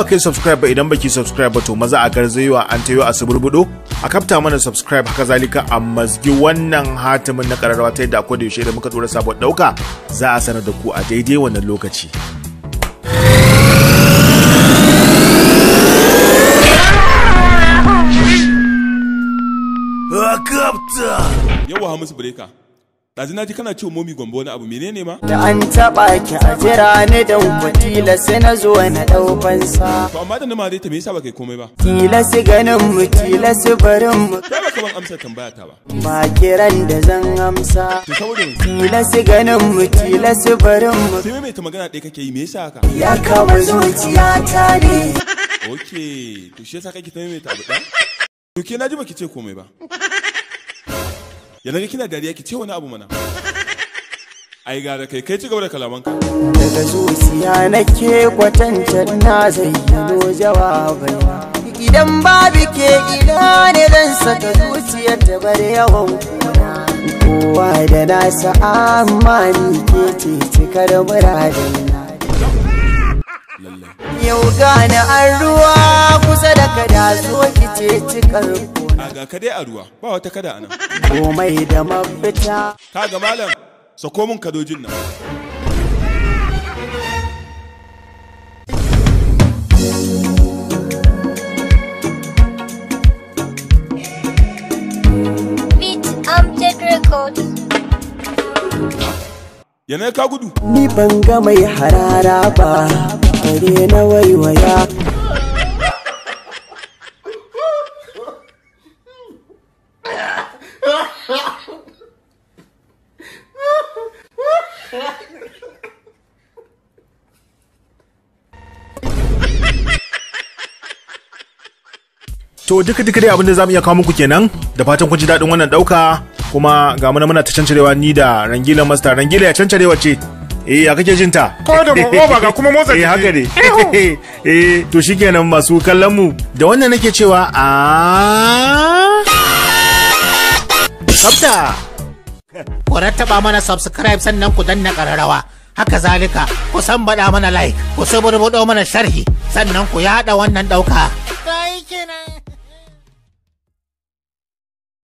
ba kai subscribe ba idan baki subscribe ba to maza a garzayewa an tayo a suburbudo a kafta mana subscribe haka zalika a mazgi wannan hatimin na kararwa ta yadda akwai da yaushe da muka tura sabon dauka za a sanar da ku a daidai wannan lokaci. Yawa Hamisu Breka. ɗazu naji kana cewa momi gombe wani abu menene ma da an taɓa ki a jira ni da wakila sai na zo na daukan sa. to amma da na ma ta me yasa ba kai komai ba kila su ganin mu kila su barin mu ba ka ban amsa tambaya ta ba ba kiran da zan amsa to saboda kila su ganin mu kila su barin mu sai me ta magana ɗaya kake yi me yasa haka ya kama zuciya ta ne okay to shi yasa kake ta me ta abu ɗaya to ke na ji baki ce komai ba ya naga kina dariya ki ce wani abu mana ai gara kai kai ci gaba da kalamanka daga zuciya nake kwatanta na zayyano jawabai idan babu ke ina ne zan saka zuciyar ta bar yawan kowa da nasa amma ni ke ce cikar yau gane an ruwa kusa da kada zo ki ce cikar a ga dai a ruwa ba wata kada anan komai da mafita ga malam sako mun kadojin nan Yana ka gudu? Ni ban ga mai harara ba, bare na waiwaya. to duka duka dai abinda zamu iya kawo muku kenan da fatan kun ji daɗin wannan ɗauka kuma ga muna muna ta cancarewa ni da rangila master rangila ya cancarewa ce eh a kake jin ta ko da mu ba ga kuma motsa eh haka ne eh to shikenan masu kallon mu da wannan nake cewa a tsafta ku rattaba mana subscribe sannan ku danna ƙararrawa haka zalika ku san baɗa mana like ku saburbuɗo mana sharhi sannan ku yaɗa wannan ɗauka. Ta yi kenan.